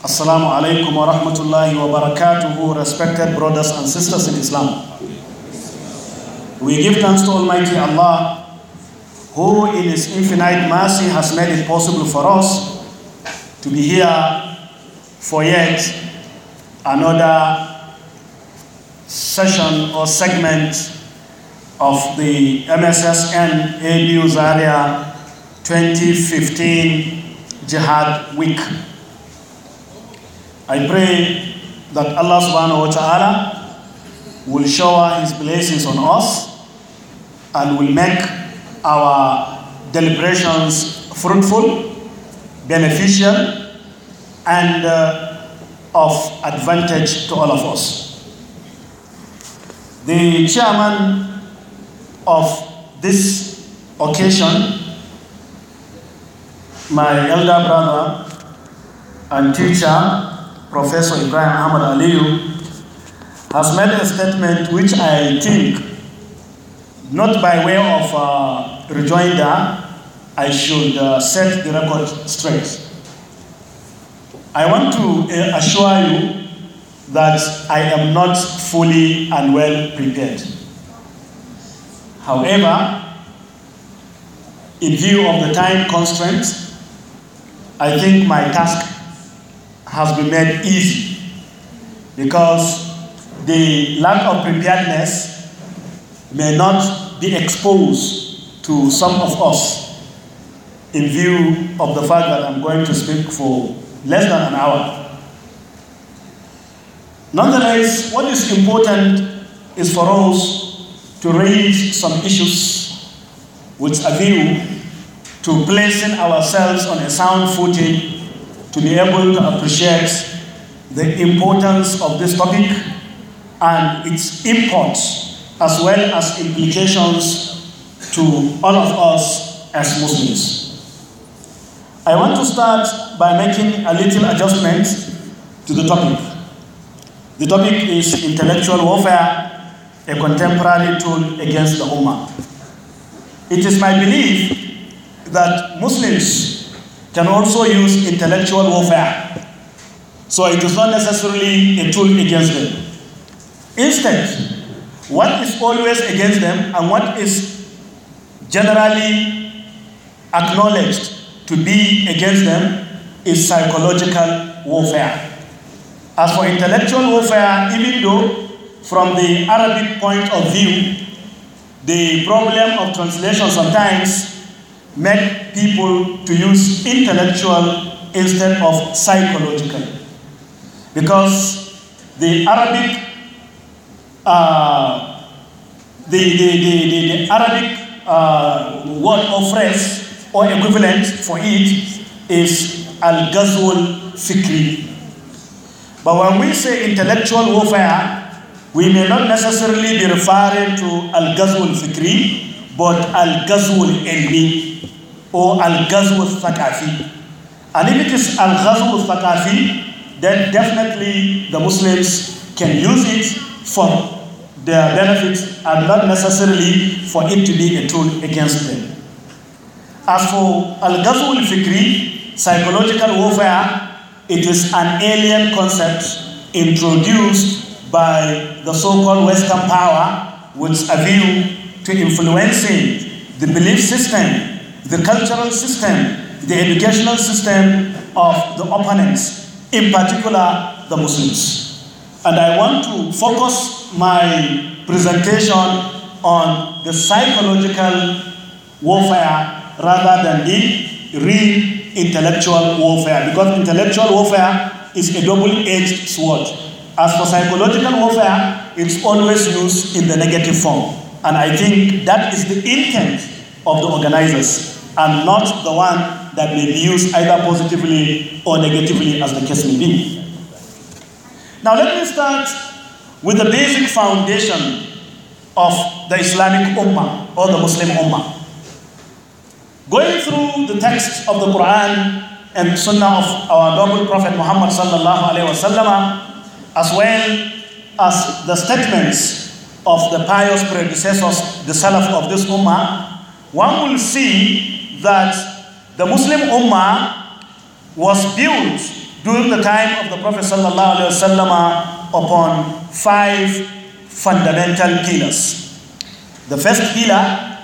Assalamu alaikum wa rahmatullahi wa barakatuhu, respected brothers and sisters in Islam. We give thanks to Almighty Allah, who in His infinite mercy has made it possible for us to be here for yet another session or segment of the MSSN ABU Zaria 2015 Jihad Week. I pray that Allah subhanahu wa ta'ala will shower His blessings on us and will make our deliberations fruitful, beneficial, and uh, of advantage to all of us. The chairman of this occasion, my elder brother and teacher, Professor Ibrahim Ahmad Aliyu, has made a statement which I think, not by way of uh, rejoinder, I should uh, set the record straight. I want to uh, assure you that I am not fully and well prepared. However, in view of the time constraints, I think my task has been made easy because the lack of preparedness may not be exposed to some of us in view of the fact that I'm going to speak for less than an hour. Nonetheless, what is important is for us to raise some issues with a view to placing ourselves on a sound footing to be able to appreciate the importance of this topic and its import as well as implications to all of us as Muslims. I want to start by making a little adjustment to the topic. The topic is intellectual warfare, a contemporary tool against the Ummah. It is my belief that Muslims can also use intellectual warfare. So it is not necessarily a tool against them. Instead, what is always against them and what is generally acknowledged to be against them is psychological warfare. As for intellectual warfare, even though from the Arabic point of view, the problem of translation sometimes make people to use intellectual instead of psychological. Because the Arabic, uh, the, the, the, the, the Arabic uh, word or phrase or equivalent for it is al-ghazwul fikri. But when we say intellectual warfare, we may not necessarily be referring to al-ghazwul fikri, but al-ghazwul ilmi or al-ghazw al-thaqafi. And if it is al-ghazw al-thaqafi, then definitely the Muslims can use it for their benefit and not necessarily for it to be a tool against them. As for al-ghazw al-fikri, psychological warfare, it is an alien concept introduced by the so-called Western power with a view to influencing the belief system the cultural system, the educational system of the opponents, in particular the Muslims. And I want to focus my presentation on the psychological warfare rather than the real intellectual warfare because intellectual warfare is a double-edged sword. As for psychological warfare, it's always used in the negative form. And I think that is the intent of the organizers and not the one that may be used either positively or negatively, as the case may be. Now, let me start with the basic foundation of the Islamic Ummah or the Muslim Ummah. Going through the text of the Quran and Sunnah of our noble Prophet Muhammad sallallahu alaihi wasallam, as well as the statements of the pious predecessors, the Salaf of this Ummah, one will see that the Muslim Ummah was built during the time of the Prophet upon five fundamental pillars. The first pillar,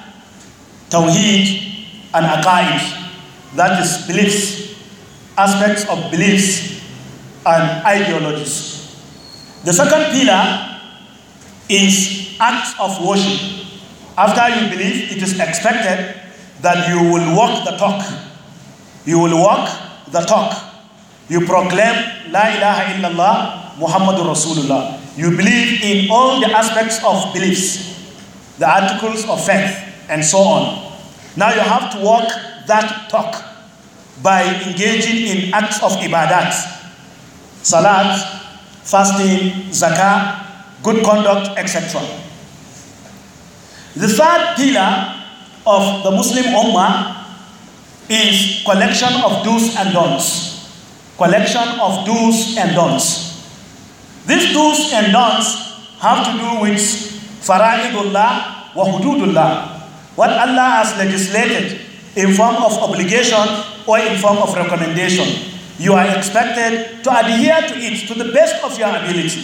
Tawheed and Aqaid, that is beliefs, aspects of beliefs and ideologies. The second pillar is acts of worship. After you believe, it is expected that you will walk the talk. You will walk the talk. You proclaim La ilaha illallah Muhammadur Rasulullah. You believe in all the aspects of beliefs, the articles of faith, and so on. Now you have to walk that talk by engaging in acts of ibadat, salat, fasting, zakah, good conduct, etc. The third pillar of the Muslim Ummah is collection of do's and don'ts. Collection of do's and don'ts. These do's and don'ts have to do with fara'idullah wa hududullah. What Allah has legislated in form of obligation or in form of recommendation. You are expected to adhere to it to the best of your ability.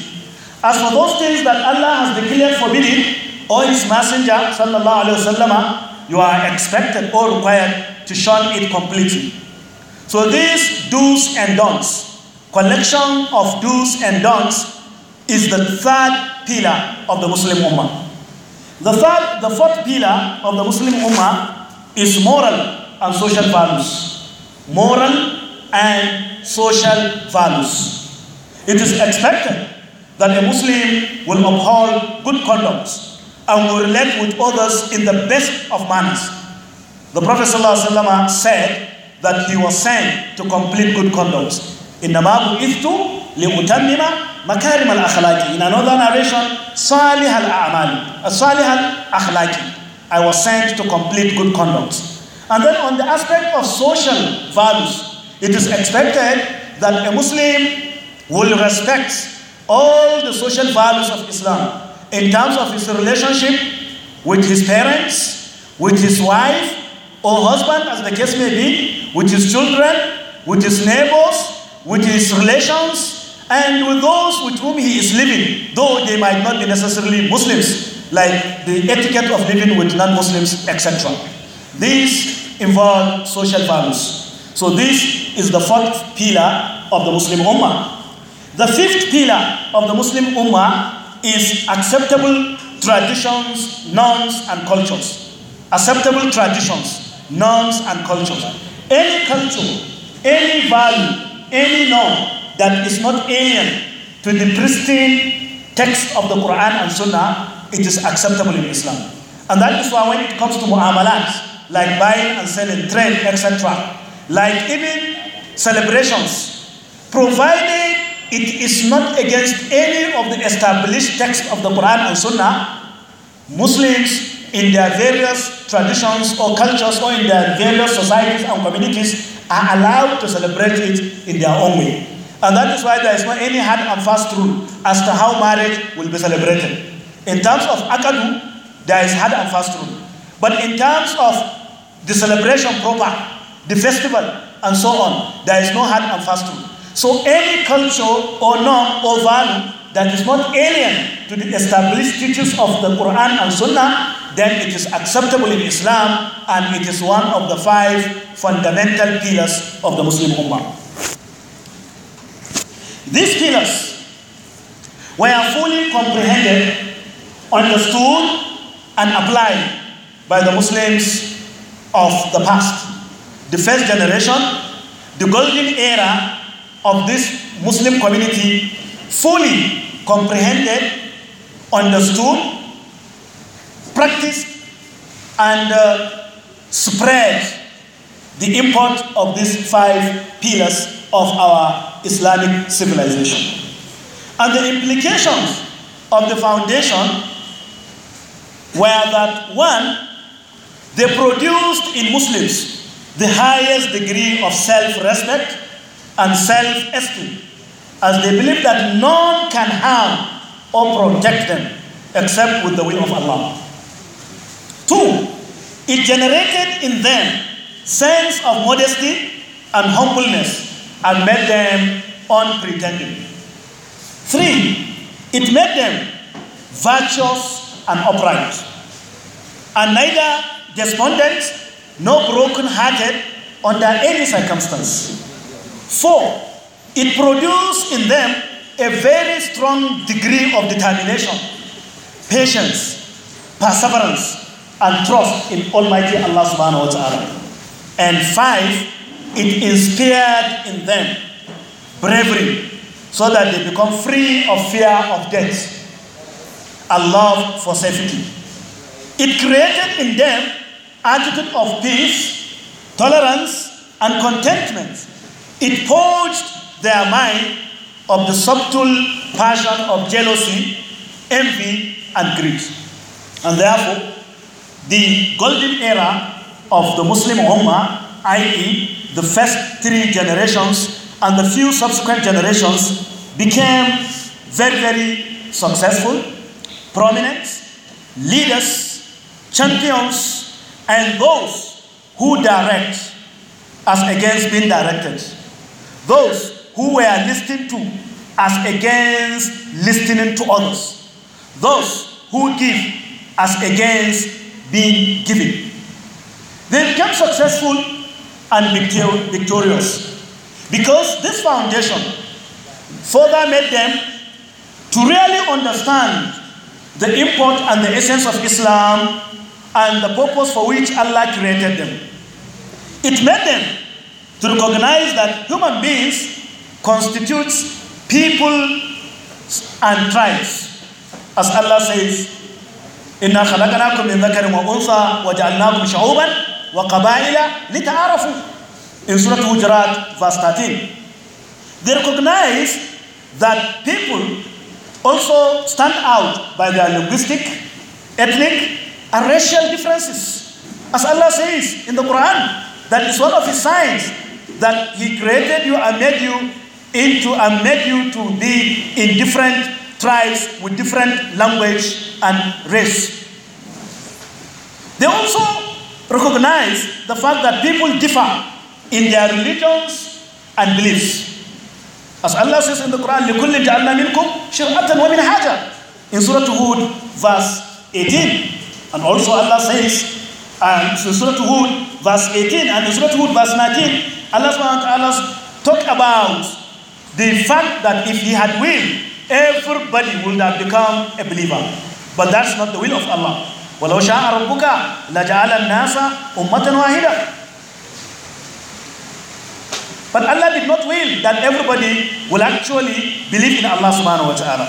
As for those things that Allah has declared forbidden, or His Messenger sallallahu alayhi wasallam you are expected or required to shun it completely. So these do's and don'ts, collection of do's and don'ts, is the third pillar of the Muslim Ummah. The third, the fourth pillar of the Muslim Ummah is moral and social values. Moral and social values. It is expected that a Muslim will uphold good conduct and we relate with others in the best of manners. The Prophet ﷺ said that he was sent to complete good conduct. In another narration, صالح الأعمال, صالح I was sent to complete good conduct. And then on the aspect of social values, it is expected that a Muslim will respect all the social values of Islam in terms of his relationship with his parents, with his wife or husband, as the case may be, with his children, with his neighbors, with his relations, and with those with whom he is living, though they might not be necessarily Muslims, like the etiquette of living with non Muslims, etc. These involve social values. So, this is the fourth pillar of the Muslim Ummah. The fifth pillar of the Muslim Ummah is acceptable traditions, norms, and cultures. Acceptable traditions, norms, and cultures. Any culture, any value, any norm that is not alien to the pristine text of the Quran and Sunnah, it is acceptable in Islam. And that is why when it comes to mu'amalat, like buying and selling, trade, etc., like even celebrations, providing it is not against any of the established texts of the Quran and Sunnah, Muslims in their various traditions or cultures or in their various societies and communities are allowed to celebrate it in their own way. And that is why there is not any hard and fast rule as to how marriage will be celebrated. In terms of Akadu, there is hard and fast rule. But in terms of the celebration proper, the festival, and so on, there is no hard and fast rule. So any culture or norm or value that is not alien to the established teachings of the Quran and Sunnah, then it is acceptable in Islam and it is one of the five fundamental pillars of the Muslim Ummah. These pillars were fully comprehended, understood, and applied by the Muslims of the past, the first generation, the golden era of this Muslim community fully comprehended, understood, practiced, and uh, spread the import of these five pillars of our Islamic civilization. And the implications of the foundation were that one, they produced in Muslims the highest degree of self respect and self esteem, as they believe that none can harm or protect them except with the will of Allah. Two, it generated in them sense of modesty and humbleness and made them unpretending. Three, it made them virtuous and upright, and neither despondent nor broken hearted under any circumstance. For it produced in them a very strong degree of determination, patience, perseverance, and trust in Almighty Allah subhanahu wa ta'ala. And five, it inspired in them bravery so that they become free of fear of death and love for safety. It created in them attitude of peace, tolerance, and contentment it purged their mind of the subtle passion of jealousy, envy, and greed. And therefore, the golden era of the Muslim Ummah, i.e., the first three generations and the few subsequent generations, became very, very successful, prominent, leaders, champions, and those who direct as against being directed. Those who were listening to as against listening to others. Those who give as against being given. They became successful and victorious because this foundation further made them to really understand the import and the essence of Islam and the purpose for which Allah created them. It made them to recognize that human beings constitutes people and tribes. As Allah says, إنا خلقناكم من ذكر وأنثى وجعلناكم شعوبا وقبائل لتعارفوا in Surah Hujarat verse 13 they recognize that people also stand out by their linguistic ethnic and racial differences as Allah says in the Quran that is one of his signs that He created you and made you into and made you to be in different tribes with different language and race. They also recognize the fact that people differ in their religions and beliefs. As Allah says in the Quran, لِكُلِّ جَعَلْنَا مِنْكُمْ شِرْعَةً وَمِنْ in Surah Hud, verse 18. And also Allah says, and in Surah Hud, verse 18, and in Surah Hud, verse 19, Allah subhanahu wa ta'ala talk about the fact that if he had will, everybody would have become a believer. But that's not the will of Allah. وَلَوْ شَاءَ رَبُّكَ لَجَعَلَ النَّاسَ أُمَّةً But Allah did not will that everybody will actually believe in Allah subhanahu wa ta'ala.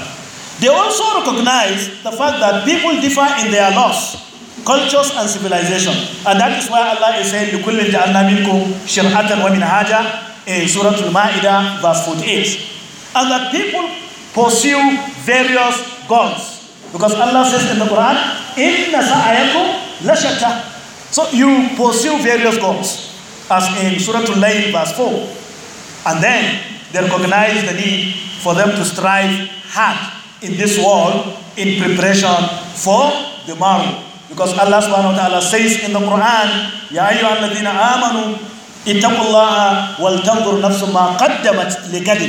They also recognize the fact that people differ in their laws cultures and civilization. And that is why Allah is saying, لِكُلِّ جَعَلْنَا مِنْكُمْ شِرْعَةً وَمِنْهَاجًا in Surah Al-Ma'idah, verse 48. And that people pursue various gods. Because Allah says in the Quran, إِنَّ سَعَيَكُمْ لَشَتَّى So you pursue various gods, as in Surah Al-Layl, verse 4. And then they recognize the need for them to strive hard in this world in preparation for the morrow. Because Allah subhanahu wa ta'ala says in the Quran, يَا أَيُّهَا الَّذِينَ آمَنُوا اتَّقُوا اللَّهَ وَلْتَنْظُرْ نَفْسٌ مَا قَدَّمَتْ لِغَدٍ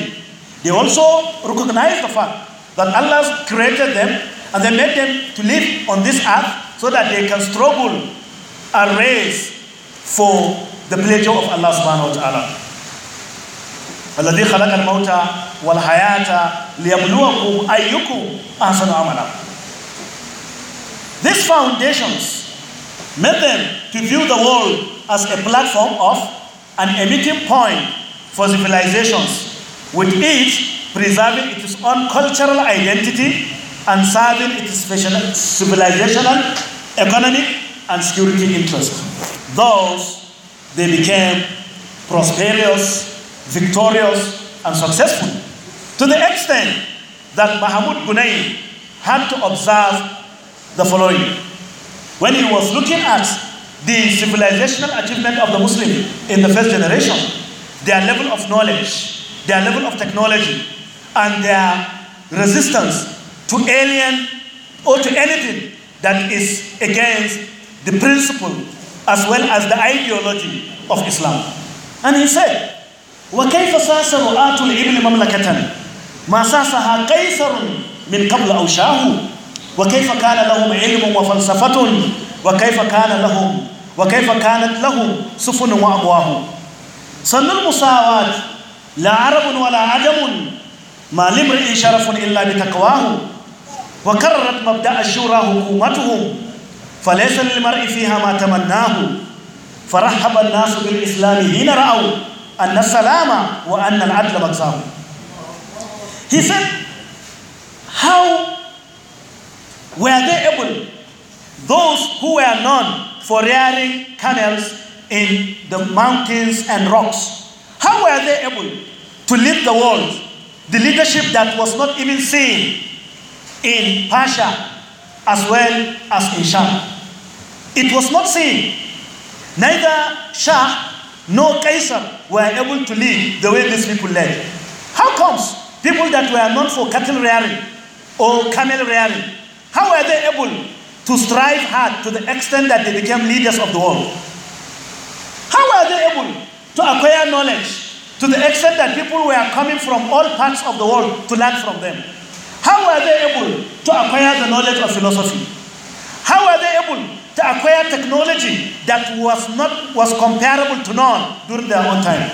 They also recognize the fact that Allah created them and they made them to live on this earth so that they can struggle and race for the pleasure of Allah subhanahu wa ta'ala. الذي خلق الموت والحياة ليبلوكم أيكم أحسن عملا these foundations made them to view the world as a platform of an emitting point for civilizations, with each preserving its own cultural identity and serving its civilizational, economic, and security interests. Thus, they became prosperous, victorious, and successful to the extent that Mahmoud Gunay had to observe the following. When he was looking at the civilizational achievement of the Muslim in the first generation, their level of knowledge, their level of technology, and their resistance to alien or to anything that is against the principle as well as the ideology of Islam. And he said, وكيف ساس رؤاة الإبل مملكة ما ساسها قيصر من قبل أو وكيف كان لهم علم وفلسفة وكيف كان لهم وكيف كانت لهم سفن وأبواب صن المساواة لا عرب ولا عجم ما لامرئ شرف إلا بتقواه وكررت مبدأ الشورى حكومتهم فليس للمرء فيها ما تمناه فرحب الناس بالإسلام حين رأوا أن السلام وأن العدل مجزاه He said, how Were they able, those who were known for rearing camels in the mountains and rocks, how were they able to lead the world? The leadership that was not even seen in Pasha as well as in Shah? It was not seen. Neither Shah nor Kaiser were able to lead the way these people led. How comes people that were known for cattle rearing or camel rearing how were they able to strive hard to the extent that they became leaders of the world? How were they able to acquire knowledge to the extent that people were coming from all parts of the world to learn from them? How were they able to acquire the knowledge of philosophy? How were they able to acquire technology that was not was comparable to none during their own time?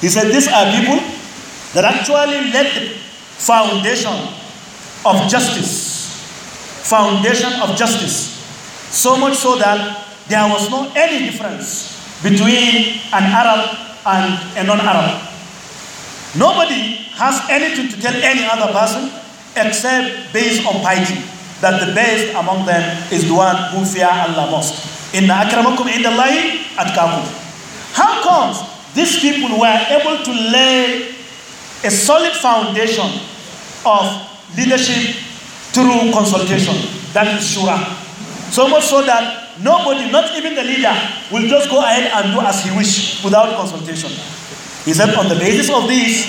He said these are people that actually laid the foundation of justice foundation of justice. So much so that there was no any difference between an Arab and a non Arab. Nobody has anything to tell any other person except based on piety that the best among them is the one who fear Allah most. Inna akramakum indallahi atkakum. How comes these people were able to lay a solid foundation of leadership through consultation. That is shura. So much so that nobody, not even the leader, will just go ahead and do as he wishes without consultation. He said, on the basis of this,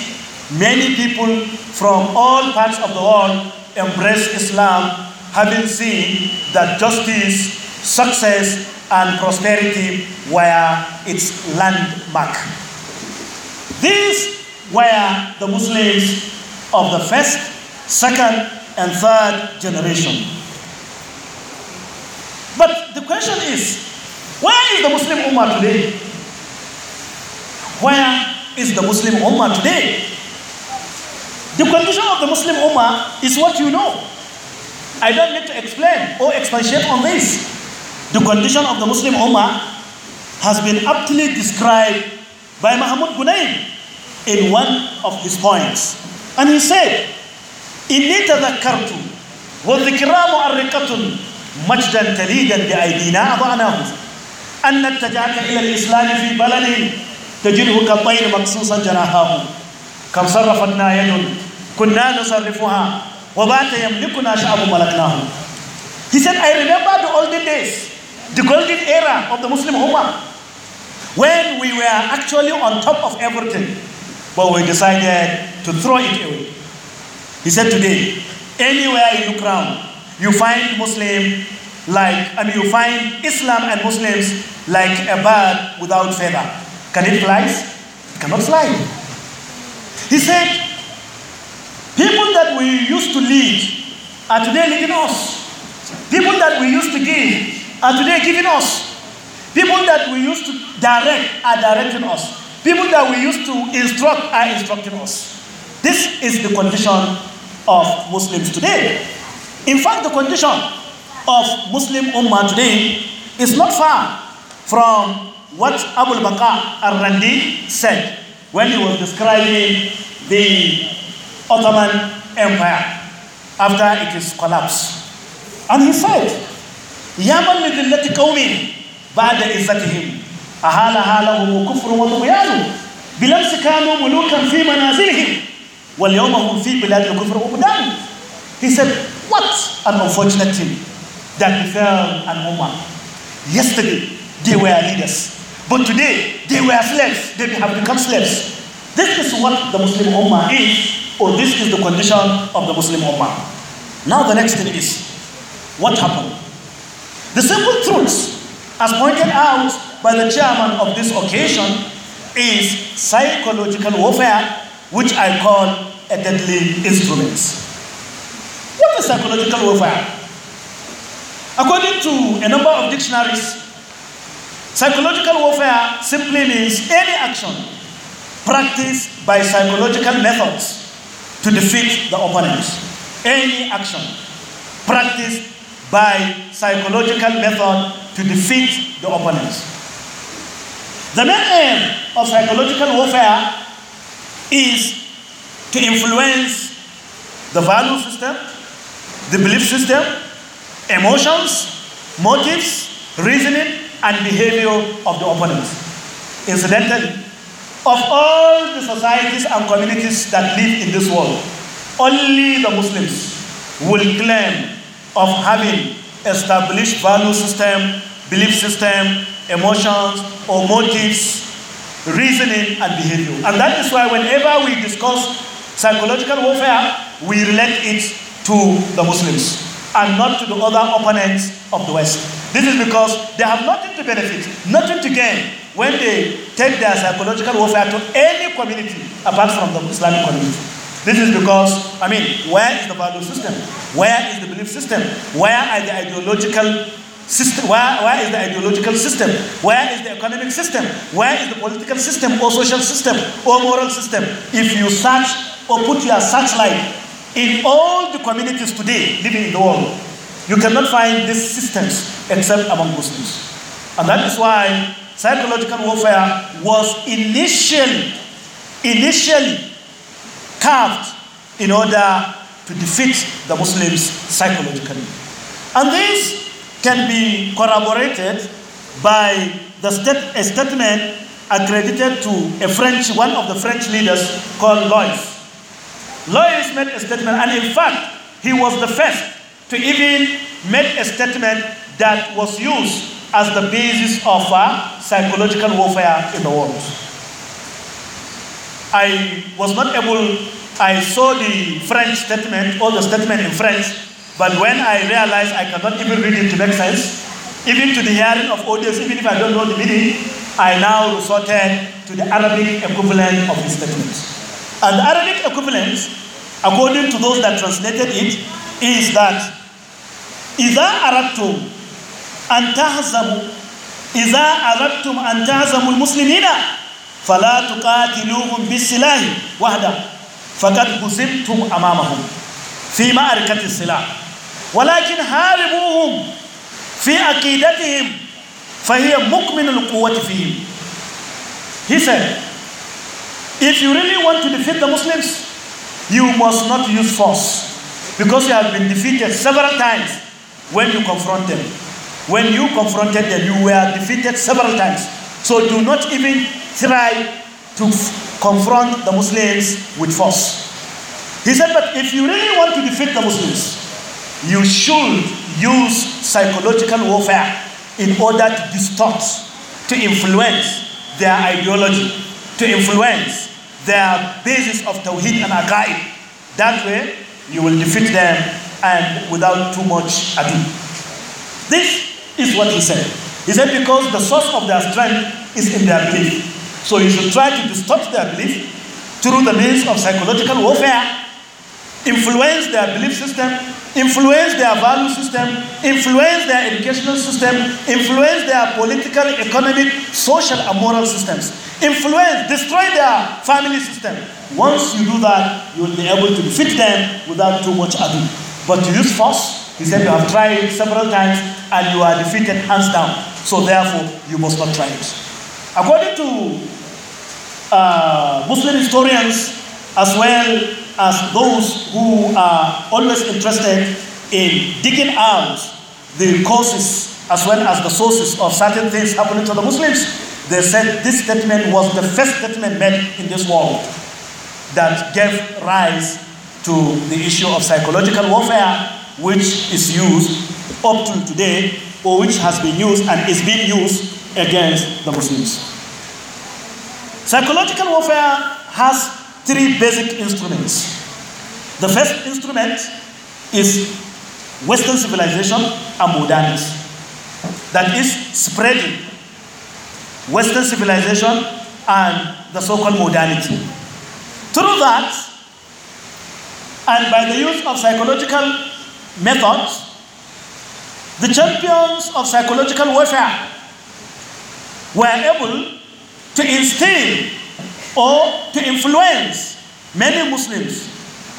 many people from all parts of the world embrace Islam, having seen that justice, success, and prosperity were its landmark. These were the Muslims of the first, second, and third generation. But the question is where is the Muslim Ummah today? Where is the Muslim Ummah today? The condition of the Muslim Ummah is what you know. I don't need to explain or expatiate on this. The condition of the Muslim Ummah has been aptly described by Mahmoud Gunayn in one of his poems. And he said, إني تذكرت والذكرى مؤرقة مجدا تليدا بأيدينا أضعناه أن نتجعك إلى الإسلام في بلد تجده كالطير مقصوصا جناحه كم صرفنا يد كنا نصرفها وبات يملكنا شعب ملكناه He said, I remember the olden days, the golden era of the Muslim Ummah, when we were actually on top of everything, but we decided to throw it away. He said today, anywhere you look around, you find Muslim like, I mean, you find Islam and Muslims like a bird without feather. Can it fly? It cannot fly. He said, people that we used to lead are today leading us. People that we used to give are today giving us. People that we used to direct are directing us. People that we used to instruct are instructing us. This is the condition of Muslims today. In fact, the condition of Muslim Ummah today is not far from what Abu Bakr al-Randi said when he was describing the Ottoman Empire after it is collapsed. And he said, يَمَنْ لِذِلَّةِ قَوْمٍ بَعْدَ إِزَّتِهِمْ أَهَالَهَا لَهُمُ كُفْرٌ وَطُغْيَانٌ بِلَمْسِ كَانُوا مُلُوكًا fi مَنَازِلِهِمْ he said, What an unfortunate thing that befell an woman. Yesterday, they were leaders. But today, they were slaves. They have become slaves. This is what the Muslim Ummah is, or this is the condition of the Muslim Ummah. Now, the next thing is what happened? The simple truth, as pointed out by the chairman of this occasion, is psychological warfare which I call a deadly instrument. What is psychological warfare? According to a number of dictionaries, psychological warfare simply means any action practiced by psychological methods to defeat the opponent. Any action practiced by psychological method to defeat the opponents. The main aim of psychological warfare is to influence the value system, the belief system, emotions, motives, reasoning, and behavior of the opponents. Incidentally, of all the societies and communities that live in this world, only the Muslims will claim of having established value system, belief system, emotions, or motives reasoning, and behavior. And that is why whenever we discuss psychological warfare, we relate it to the Muslims and not to the other opponents of the West. This is because they have nothing to benefit, nothing to gain when they take their psychological warfare to any community apart from the Islamic community. This is because, I mean, where is the value system? Where is the belief system? Where are the ideological System, where, where is the ideological system? Where is the economic system? Where is the political system or social system or moral system? If you search or put your searchlight in all the communities today living in the world, you cannot find these systems except among Muslims. And that is why psychological warfare was initially, initially carved in order to defeat the Muslims psychologically. And this can be corroborated by the stat- a statement accredited to a French, one of the French leaders called Lois. Lois made a statement, and in fact, he was the first to even make a statement that was used as the basis of uh, psychological warfare in the world. I was not able, I saw the French statement, or the statement in French, but when I realize I cannot even read it to make sense, even to the hearing of audience, even if I don't know the meaning, I now resorted to the Arabic equivalent of the statement. And the Arabic equivalent, according to those that translated it, is that إذا أردتم أن تهزموا إذا أردتم أن تهزموا المسلمين فلا تقاتلوهم بالسلاح وحده فقد هزمتم أمامهم في معركة السلاح ولكن حاربوهم في عقيدتهم فهي مكمن القوة فيهم he said if you really want to defeat the Muslims you must not use force because you have been defeated several times when you confront them when you confronted them you were defeated several times so do not even try to confront the Muslims with force he said but if you really want to defeat the Muslims you should use psychological warfare in order to distort, to influence their ideology, to influence their basis of tawhid and Aqa'id. That way, you will defeat them and without too much ado. This is what he said. He said, because the source of their strength is in their belief. So you should try to distort their belief through the means of psychological warfare, influence their belief system, influence their value system, influence their educational system, influence their political, economic, social, and moral systems, influence, destroy their family system. Once you do that, you will be able to defeat them without too much ado. But to use force, he said, you have tried several times and you are defeated hands down. So therefore, you must not try it. According to uh, Muslim historians as well as those who are always interested in digging out the causes as well as the sources of certain things happening to the Muslims, they said this statement was the first statement made in this world that gave rise to the issue of psychological warfare, which is used up to today, or which has been used and is being used against the Muslims. Psychological warfare has three basic instruments. The first instrument is Western civilization and modernity. That is spreading Western civilization and the so called modernity. Through that, and by the use of psychological methods, the champions of psychological warfare were able to instill or to influence many Muslims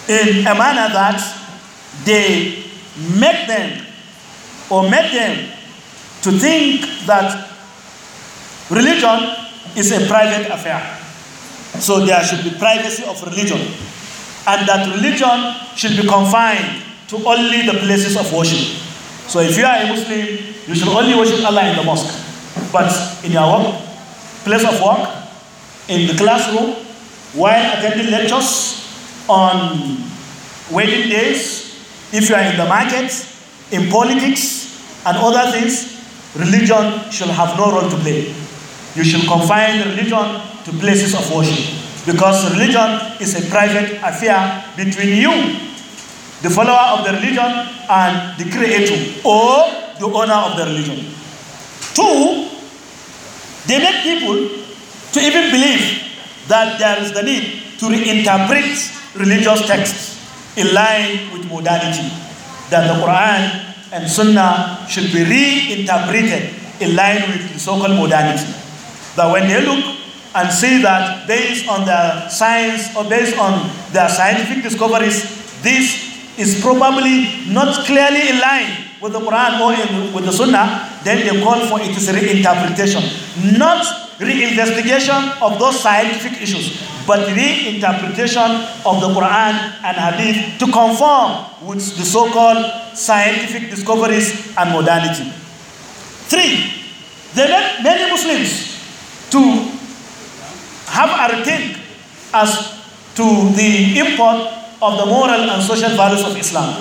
in a manner that they make them or make them to think that religion is a private affair. So there should be privacy of religion and that religion should be confined to only the places of worship. So if you are a Muslim, you should only worship Allah in the mosque. But in your work, place of work, in the classroom while attending lectures on wedding days, if you are in the market, in politics, and other things, religion should have no role to play. You should confine religion to places of worship because religion is a private affair between you, the follower of the religion, and the creator or the owner of the religion. Two, they make people to even believe that there is the need to reinterpret religious texts in line with modernity, that the Quran and Sunnah should be reinterpreted in line with the so called modernity. That when they look and see that based on their science or based on their scientific discoveries, this is probably not clearly in line with the Quran or in, with the Sunnah, then they call for its reinterpretation. Not reinvestigation of those scientific issues, but reinterpretation of the Quran and Hadith to conform with the so called scientific discoveries and modernity. Three, they led many Muslims to have a rethink as to the import of the moral and social values of Islam,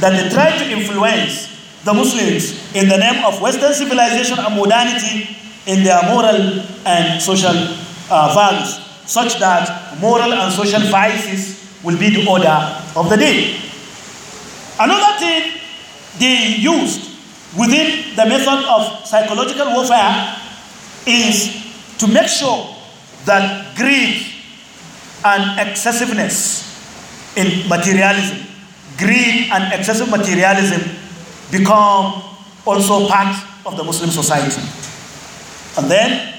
that they tried to influence the Muslims in the name of Western civilization and modernity in their moral and social uh, values, such that moral and social vices will be the order of the day. Another thing they used within the method of psychological warfare is to make sure that greed and excessiveness in materialism, greed and excessive materialism become also part of the Muslim society. And then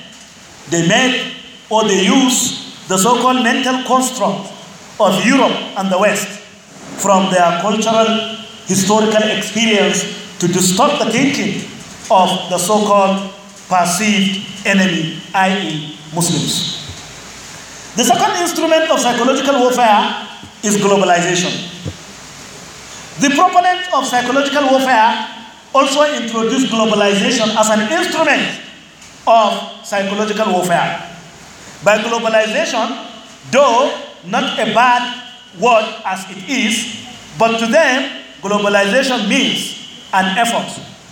they made or they used the so called mental construct of Europe and the West from their cultural, historical experience to distort the thinking of the so called perceived enemy, i.e., Muslims. The second instrument of psychological warfare is globalization. The proponents of psychological warfare also introduced globalization as an instrument of psychological warfare. By globalization, though not a bad word as it is, but to them, globalization means an effort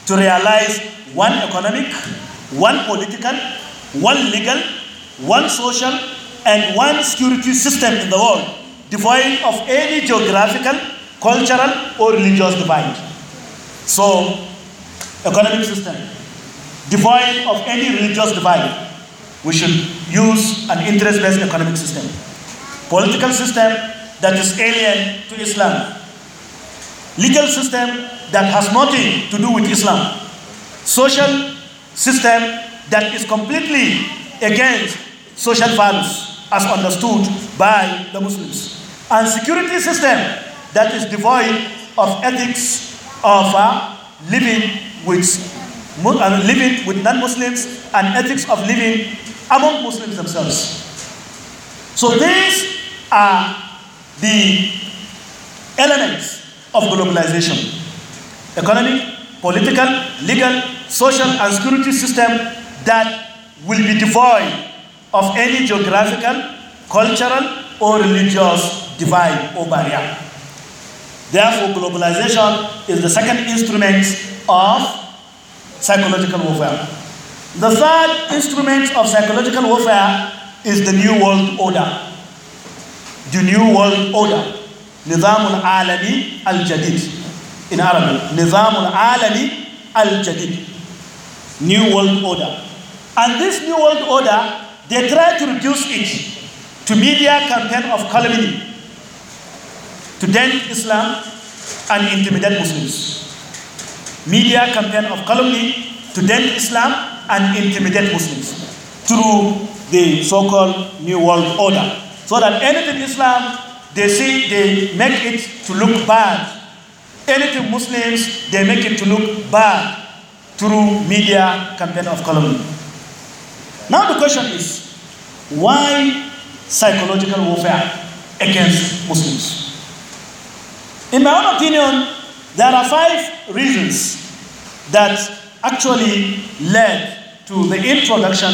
to realize one economic, one political, one legal, one social, and one security system in the world, devoid of any geographical, cultural, or religious divide. So, economic system, devoid of any religious divide. We should use an interest based economic system, political system that is alien to Islam, legal system that has nothing to do with Islam, social system that is completely against social values as understood by the Muslims, and security system that is devoid of ethics of uh, living with living with non Muslims and ethics of living among Muslims themselves. So these are the elements of globalization economic, political, legal, social, and security system that will be devoid of any geographical, cultural, or religious divide or barrier. Therefore, globalization is the second instrument of psychological warfare. The third instrument of psychological warfare is the New World Order. The New World Order. Nizam al-Alami al-Jadid. In Arabic, Nizam al-Alami al-Jadid. New World Order. And this New World Order, they try to reduce it to media campaign of calumny, to dent Islam and intimidate Muslims media campaign of calumny to dent Islam and intimidate Muslims through the so-called New World Order. So that anything Islam, they see, they make it to look bad. Anything Muslims, they make it to look bad through media campaign of calumny. Now the question is, why psychological warfare against Muslims? In my own opinion, there are five reasons that actually led to the introduction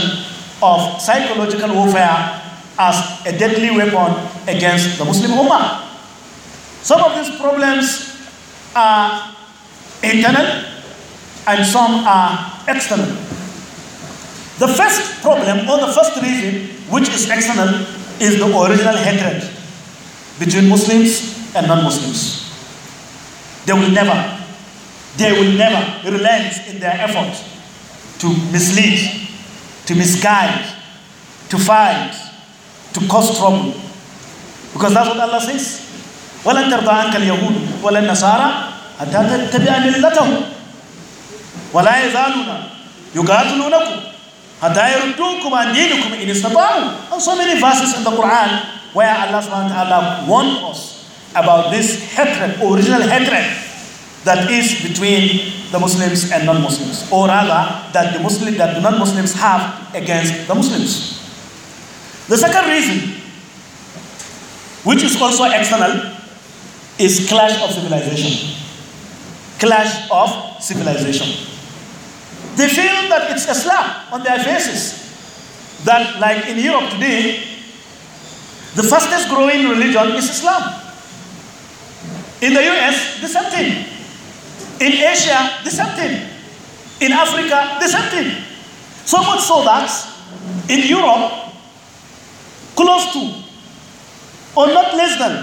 of psychological warfare as a deadly weapon against the Muslim Ummah. Some of these problems are internal and some are external. The first problem or the first reason, which is external, is the original hatred between Muslims and non Muslims. They will never, they will never relent in their effort to mislead, to misguide, to find, to cause trouble. Because that's what Allah says. ولن ترضى عنك اليهود ولا النصارى حتى تتبع ملتهم ولا يزالون يقاتلونكم حتى يردوكم عن دينكم إن استطاعوا. And so many verses in the Quran where Allah subhanahu wa ta'ala warned us about this hatred, original hatred that is between the Muslims and non-Muslims, or rather that the Muslim that the non-Muslims have against the Muslims. The second reason, which is also external, is clash of civilization. Clash of civilization. They feel that it's a slap on their faces. That, like in Europe today, the fastest growing religion is Islam. In the US, the same thing. In Asia, the same thing. In Africa, the same thing. So much so that in Europe, close to or not less than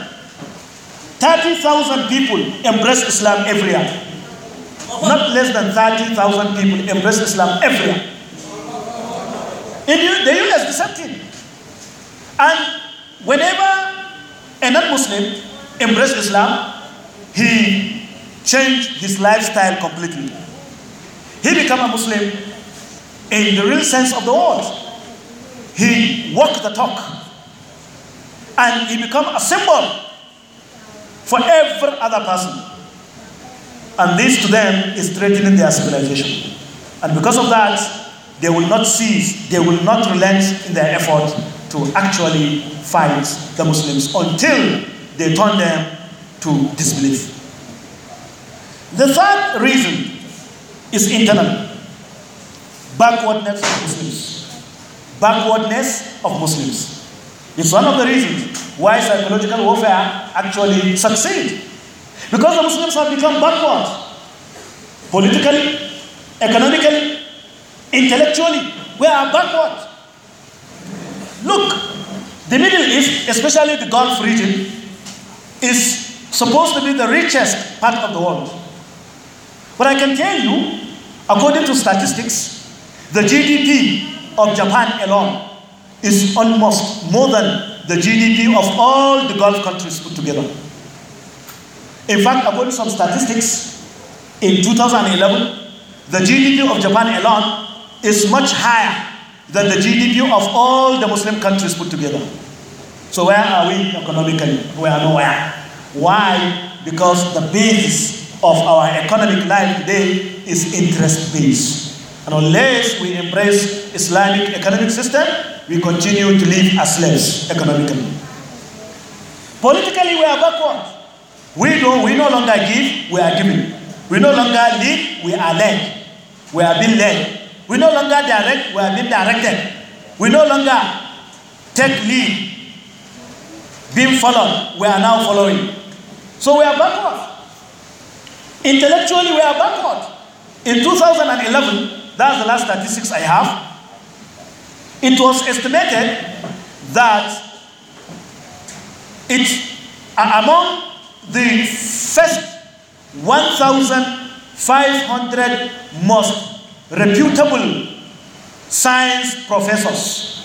30,000 people embrace Islam every year. Not less than 30,000 people embrace Islam every year. In the US, the same thing. And whenever a non Muslim embraces Islam, he changed his lifestyle completely. He became a Muslim in the real sense of the word. He walked the talk. And he became a symbol for every other person. And this to them is threatening their civilization. And because of that, they will not cease, they will not relent in their effort to actually fight the Muslims until they turn them to disbelief. The third reason is internal backwardness of Muslims. Backwardness of Muslims. It's one of the reasons why psychological warfare actually succeeds. Because the Muslims have become backward politically, economically, intellectually. We are backward. Look, the Middle East, especially the Gulf region, is supposed to be the richest part of the world. But I can tell you, according to statistics, the GDP of Japan alone is almost more than the GDP of all the Gulf countries put together. In fact, according to some statistics, in 2011, the GDP of Japan alone is much higher than the GDP of all the Muslim countries put together. So, where are we economically? We are nowhere. Why? Because the basis of our economic life today is interest based. And unless we embrace Islamic economic system, we continue to live as slaves economically. Politically, we are backward. We, do, we no longer give, we are giving. We no longer lead, we are led. We are being led. We no longer direct, we are being directed. We no longer take lead, being followed, we are now following. So we are backward. Intellectually, we are backward. In 2011, that's the last statistics I have, it was estimated that it uh, among the first 1,500 most reputable science professors,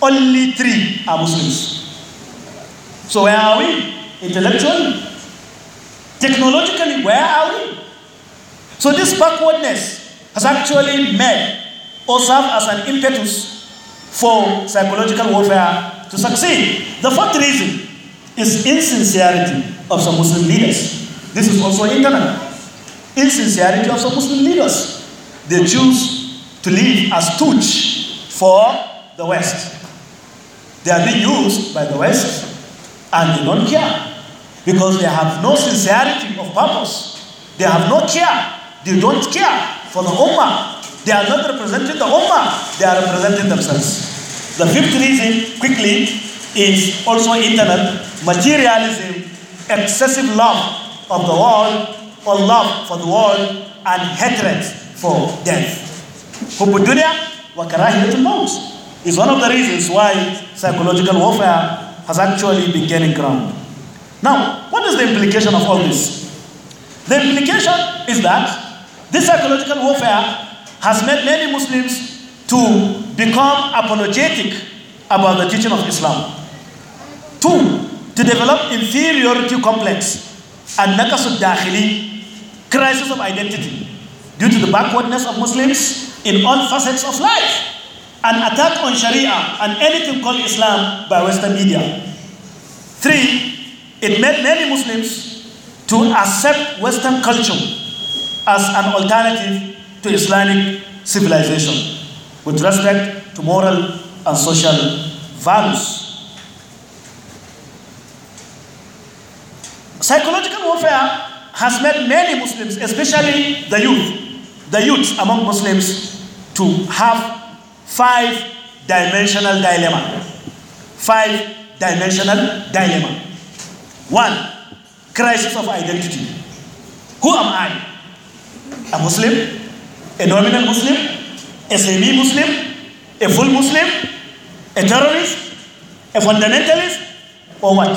only three are Muslims. So where are we? intellectually, technologically, where are we? So this backwardness has actually made or served as an impetus for psychological warfare to succeed. The fourth reason is insincerity of some Muslim leaders. This is also internal. Insincerity of some Muslim leaders. They choose to live as stooge for the West. They are being used by the West and they don't care because they have no sincerity of purpose. They have no care. They don't care for the Ummah. They are not representing the Ummah, they are representing themselves. The fifth reason, quickly, is also internal materialism, excessive love of the world, or love for the world, and hatred for death. Hubu dunya wa karahiyatul maut is one of the reasons why psychological warfare has actually been gaining ground. Now, what is the implication of all this? The implication is that this psychological warfare has made many Muslims to become apologetic about the teaching of Islam. Two, to develop inferiority complex and naqasud dakhili, crisis of identity due to the backwardness of Muslims in all facets of life an attack on Sharia and anything called Islam by Western media. Three, it made many Muslims to accept Western culture as an alternative to Islamic civilization with respect to moral and social values. Psychological warfare has made many Muslims, especially the youth, the youths among Muslims, to have Five dimensional dilemma. Five dimensional dilemma. One, crisis of identity. Who am I? A Muslim? A nominal Muslim? A semi Muslim? A full Muslim? A terrorist? A fundamentalist? Or what?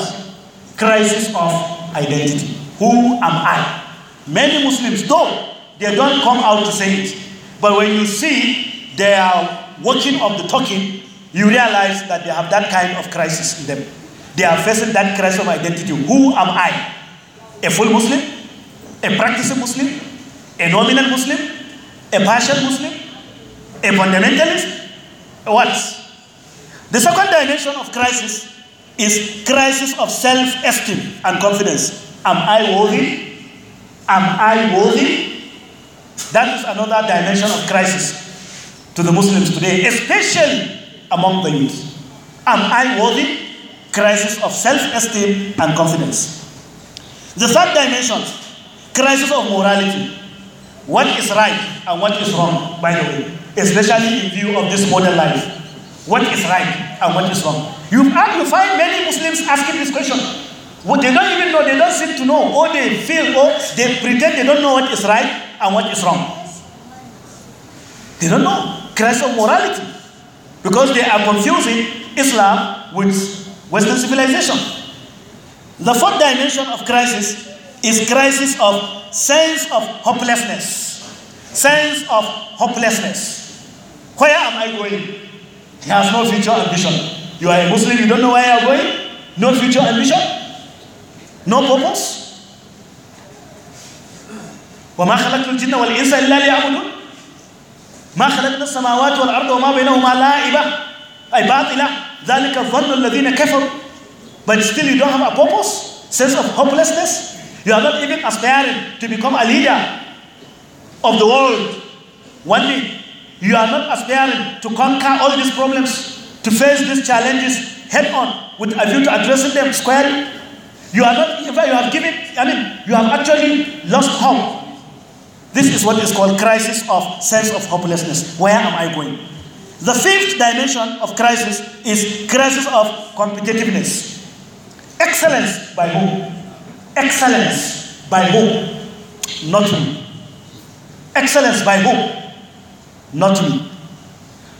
Crisis of identity. Who am I? Many Muslims, though, they don't come out to say it. But when you see their Working of the talking, you realize that they have that kind of crisis in them. They are facing that crisis of identity. Who am I? A full Muslim? A practicing Muslim? A nominal Muslim? A partial Muslim? A fundamentalist? What? The second dimension of crisis is crisis of self-esteem and confidence. Am I worthy? Am I worthy? That is another dimension of crisis to the Muslims today, especially among the youth. Am I worthy? Crisis of self esteem and confidence. The third dimension crisis of morality. What is right and what is wrong, by the way, especially in view of this modern life. What is right and what is wrong? You, you find many Muslims asking this question. What they don't even know, they don't seem to know, or they feel, or they pretend they don't know what is right and what is wrong. They don't know. Crisis of morality because they are confusing Islam with Western civilization. The fourth dimension of crisis is crisis of sense of hopelessness. Sense of hopelessness. Where am I going? He has no future ambition. You are a Muslim, you don't know where you are going? No future ambition? No purpose? وما خلقت الجن والإنس إلا ليعبدون ما خلقنا السماوات والأرض وما بينهما أي ذلك الظن الذين كفروا but still you don't have a purpose sense of hopelessness you are not even aspiring to become a leader of the world one day you are not aspiring to conquer all these problems to face these challenges head on with a view to addressing them squarely you are not in fact you have given i mean you have actually lost hope this is what is called crisis of sense of hopelessness. Where am I going? The fifth dimension of crisis is crisis of competitiveness. Excellence by whom? Excellence by whom? Not me. Excellence by whom? Not me.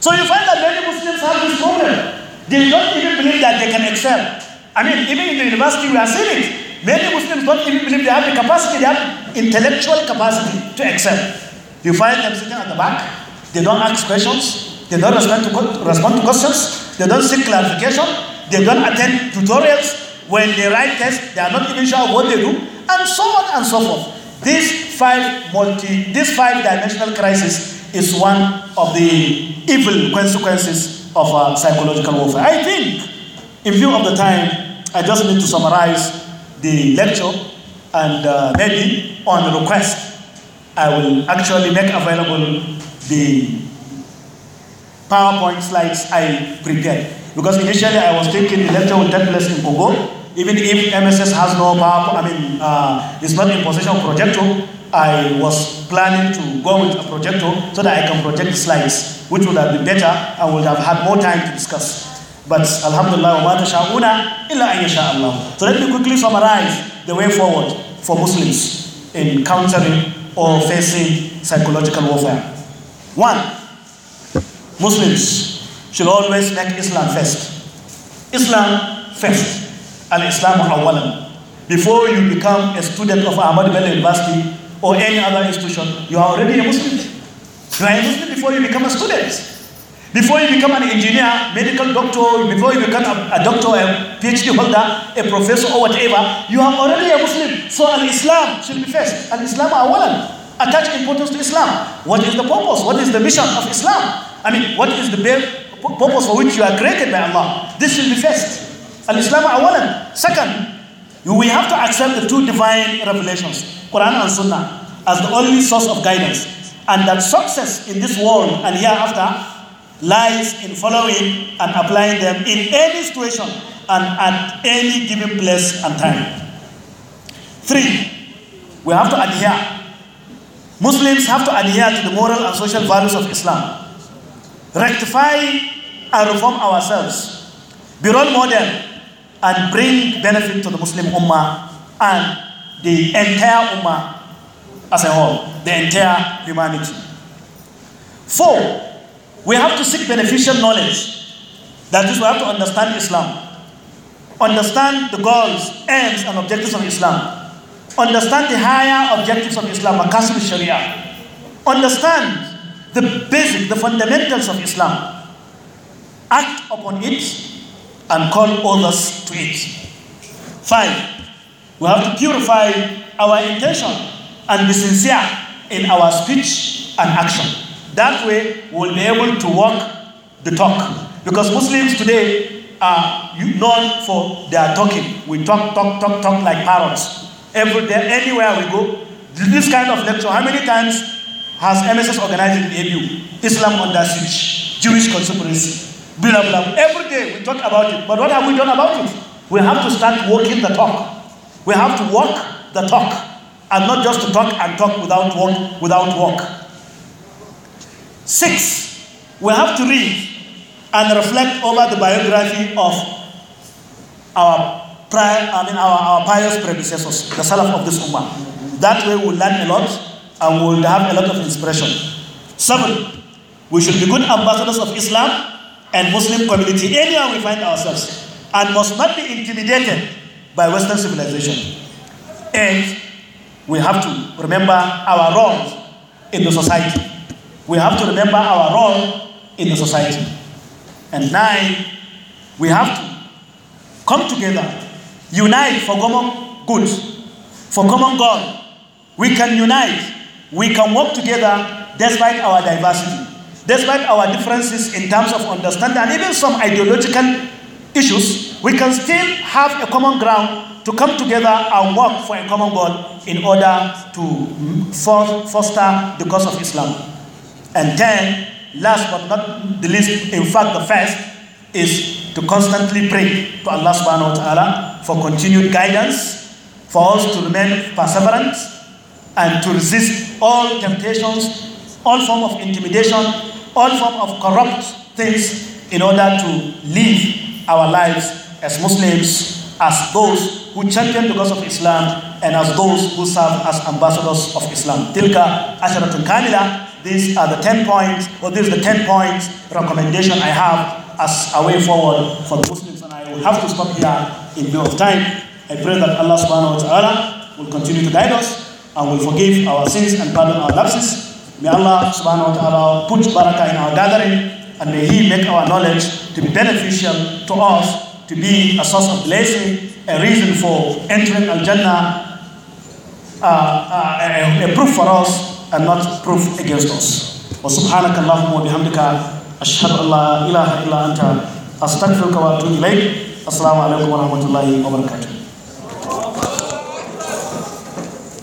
So you find that many Muslims have this problem. They don't even believe that they can excel. I mean, even in the university, we are seeing it. Many Muslims don't even believe they have the capacity, they have intellectual capacity to excel. You find them sitting at the back, they don't ask questions, they don't respond to, respond to questions, they don't seek clarification, they don't attend tutorials. When they write tests, they are not even sure what they do, and so on and so forth. This five multi, this five-dimensional crisis is one of the evil consequences of uh, psychological warfare. I think, in view of the time, I just need to summarize the lecture and uh, maybe on request, I will actually make available the PowerPoint slides I prepared. Because initially I was thinking the lecture will take place in Congo, even if MSS has no PowerPoint, I mean, uh, it's not in possession of projector, I was planning to go with a projector so that I can project the slides, which would have been better and would have had more time to discuss. But Alhamdulillah, wa ma illa So let me quickly summarize the way forward for Muslims in countering or facing psychological warfare. One, Muslims should always make Islam first. Islam first. Al Islam awalan. Before you become a student of Ahmad Bello University or any other institution, you are already a Muslim. You are a Muslim before you become a student. Before you become an engineer, medical doctor, before you become a, a doctor, a PhD holder, a professor, or whatever, you are already a Muslim. So Al Islam should be first. Al Islam awalan. Attach importance to Islam. What is the purpose? What is the mission of Islam? I mean, what is the purpose for which you are created by Allah? This should be first. Al Islam awalan. Second, we have to accept the two divine revelations, Quran and Sunnah, as the only source of guidance. And that success in this world and hereafter lies in following and applying them in any situation and at any given place and time. Three, we have to adhere. Muslims have to adhere to the moral and social values of Islam, rectify and reform ourselves, be role model, and bring benefit to the Muslim Ummah and the entire Ummah as a whole, the entire humanity. Four, We have to seek beneficial knowledge. That is, we have to understand Islam. Understand the goals, aims, and objectives of Islam. Understand the higher objectives of Islam, Makassar Sharia. Understand the basic, the fundamentals of Islam. Act upon it and call others to it. Five, we have to purify our intention and be sincere in our speech and action. That way, we'll be able to walk the talk. Because Muslims today are known for their talking. We talk, talk, talk, talk like parrots. Every day, anywhere we go, this kind of lecture, how many times has MSS organized in ABU? Islam under siege, Jewish conspiracy, blah, blah. Every day we talk about it. But what have we done about it? We have to start walking the talk. We have to walk the talk and not just to talk and talk without walk, without walk. Six, we have to read and reflect over the biography of our prior, I mean our, our pious predecessors, the Salaf of this Ummah. That way we'll learn a lot and we'll have a lot of inspiration. Seven, we should be good ambassadors of Islam and Muslim community anywhere we find ourselves and must not be intimidated by Western civilization. And we have to remember our roles in the society we have to remember our role in the society. And nine, we have to come together, unite for common good, for common goal. We can unite, we can work together despite our diversity, despite our differences in terms of understanding and even some ideological issues, we can still have a common ground to come together and work for a common goal in order to mm, foster the cause of Islam. And then, last but not the least, in fact, the first is to constantly pray to Allah subhanahu wa ta'ala for continued guidance, for us to remain perseverant, and to resist all temptations, all form of intimidation, all form of corrupt things in order to live our lives as Muslims, as those who champion the cause of Islam, and as those who serve as ambassadors of Islam. Tilka asharatun kamila these are the 10 points, or these are the 10 points recommendation I have as a way forward for the Muslims. And I will have to stop here in view of time. I pray that Allah subhanahu wa ta'ala will continue to guide us and will forgive our sins and pardon our lapses. May Allah subhanahu wa ta'ala put barakah in our gathering and may He make our knowledge to be beneficial to us, to be a source of blessing, a reason for entering Al Jannah, uh, uh, a proof for us and not proof against us. وسبحانك اللهم وبحمدك أشهد أن لا إله إلا أنت أستغفرك وأتوب إليك السلام عليكم ورحمة الله وبركاته